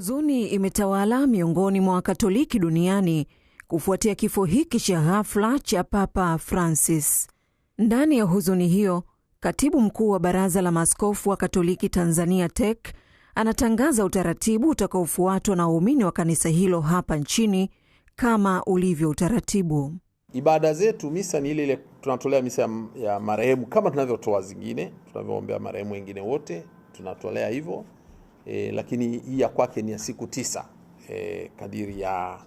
Huzuni imetawala miongoni mwa Wakatoliki duniani kufuatia kifo hiki cha ghafla cha Papa Francis. Ndani ya huzuni hiyo, katibu mkuu wa Baraza la Maaskofu wa Katoliki Tanzania TEC anatangaza utaratibu utakaofuatwa na waumini wa kanisa hilo hapa nchini kama ulivyo utaratibu. Ibada zetu misa ni ile ile, tunatolea misa ya, ya marehemu kama tunavyotoa zingine, tunavyoombea marehemu wengine wote tunatolea hivyo e, lakini hii ya kwake ni ya siku tisa e, kadiri ya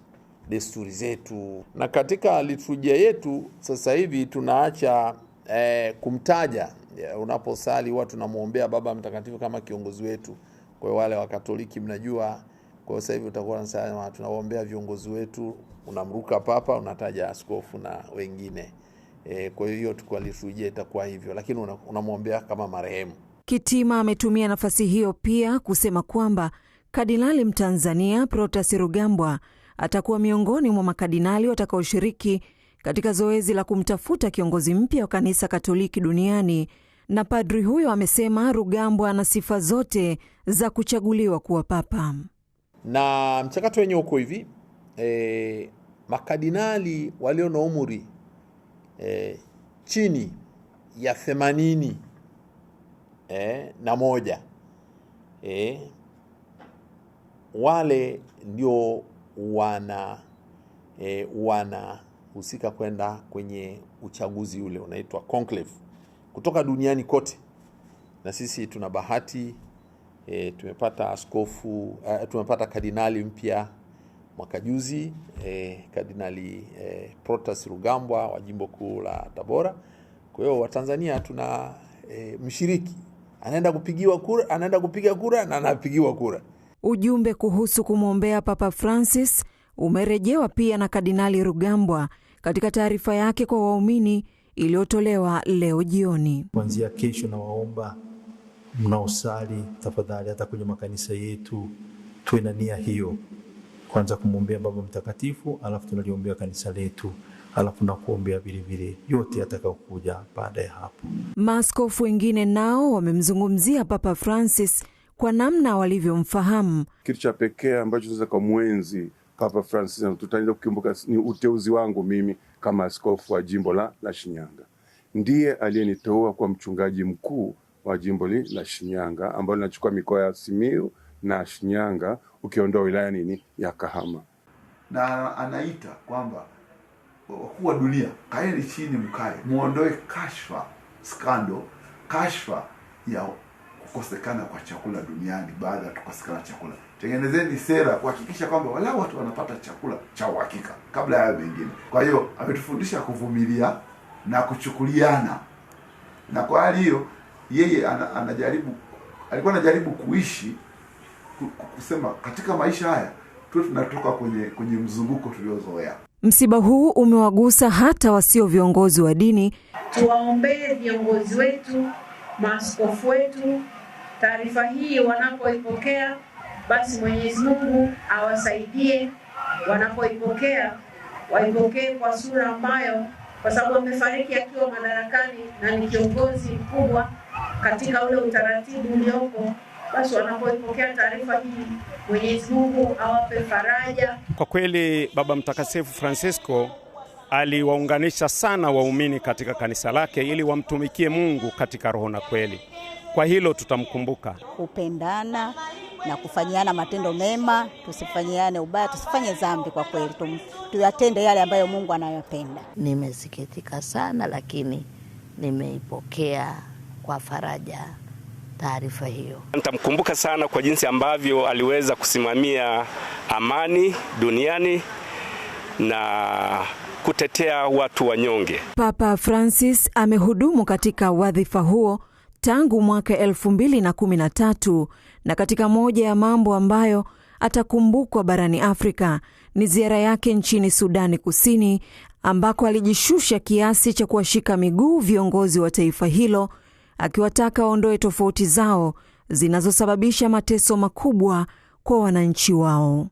desturi zetu. Na katika liturujia yetu sasa hivi tunaacha e, kumtaja e, unaposali, huwa tunamwombea Baba Mtakatifu kama kiongozi wetu. Kwa hiyo wale Wakatoliki mnajua kwa hiyo sasa hivi utakuwa unasema tunawaombea viongozi wetu, unamruka papa, unataja askofu na wengine e. Kwa hiyo tukuwa liturujia itakuwa hivyo, lakini unamwombea kama marehemu. Kitima ametumia nafasi hiyo pia kusema kwamba kardinali mtanzania Protasi Rugambwa atakuwa miongoni mwa makardinali watakaoshiriki katika zoezi la kumtafuta kiongozi mpya wa kanisa Katoliki duniani. Na padri huyo amesema Rugambwa ana sifa zote za kuchaguliwa kuwa papa. Na mchakato wenye uko hivi e, makardinali walio na umri e, chini ya themanini eh, na moja eh, wale ndio wana eh, wanahusika kwenda kwenye uchaguzi ule unaitwa conclave kutoka duniani kote, na sisi tuna bahati E, tumepata askofu eh, tumepata kardinali mpya mwaka juzi e, Kardinali e, Protas Rugambwa wa jimbo kuu la Tabora. Kwa hiyo Watanzania tuna e, mshiriki anaenda kupigiwa kura, anaenda kupiga kura na anapigiwa kura. Ujumbe kuhusu kumwombea Papa Francis umerejewa pia na Kardinali Rugambwa katika taarifa yake kwa waumini iliyotolewa leo jioni. Kuanzia kesho, nawaomba mnaosali tafadhali, hata kwenye makanisa yetu tuwe na nia hiyo, kwanza kumwombea Baba Mtakatifu, alafu tunaliombea kanisa letu alafu na kuombea vilevile yote yatakayokuja baada ya hapo. Maaskofu wengine nao wamemzungumzia Papa Francis kwa namna walivyomfahamu. Kitu cha pekee ambacho kwa kumwenzi Papa Francis na tutaanza kukumbuka ni uteuzi wangu mimi kama askofu wa jimbo la, la Shinyanga. Ndiye aliyeniteua kwa mchungaji mkuu wa jimbo la Shinyanga ambalo linachukua mikoa ya simiu na Shinyanga ukiondoa wilaya nini ya Kahama, na anaita kwamba wakuu wa dunia, kaeni chini, mkae muondoe kashfa skando, kashfa ya kukosekana kwa chakula duniani baada ya kukosekana chakula. Tengenezeni sera kuhakikisha kwamba walau watu wanapata chakula cha uhakika kabla ya mengine. Kwa hiyo ametufundisha kuvumilia na kuchukuliana, na kwa hali hiyo yeye ana, anajaribu alikuwa anajaribu kuishi kusema katika maisha haya tu tunatoka kwenye kwenye mzunguko tuliozoea. Msiba huu umewagusa hata wasio viongozi wa dini. Tuwaombee viongozi wetu, maaskofu wetu, taarifa hii wanapoipokea, basi Mwenyezi Mungu awasaidie, wanapoipokea waipokee kwa sura ambayo, kwa sababu amefariki akiwa madarakani na ni kiongozi mkubwa katika ule utaratibu uliopo basi wanapoipokea taarifa hii Mwenyezi Mungu awape faraja. Kwa kweli Baba Mtakatifu Francisco aliwaunganisha sana waumini katika kanisa lake ili wamtumikie Mungu katika roho na kweli. Kwa hilo tutamkumbuka. Kupendana na kufanyiana matendo mema, tusifanyiane ubaya, tusifanye dhambi. Kwa kweli tuyatende yale ambayo Mungu anayopenda. Nimesikitika sana, lakini nimeipokea kwa faraja taarifa hiyo. Nitamkumbuka sana kwa jinsi ambavyo aliweza kusimamia amani duniani na kutetea watu wanyonge. Papa Francis amehudumu katika wadhifa huo tangu mwaka elfu mbili na kumi na tatu na katika moja ya mambo ambayo atakumbukwa barani Afrika ni ziara yake nchini Sudani Kusini ambako alijishusha kiasi cha kuwashika miguu viongozi wa taifa hilo akiwataka waondoe tofauti zao zinazosababisha mateso makubwa kwa wananchi wao.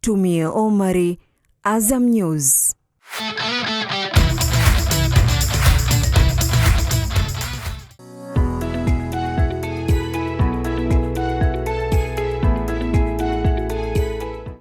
Tumie Omari, Azam News.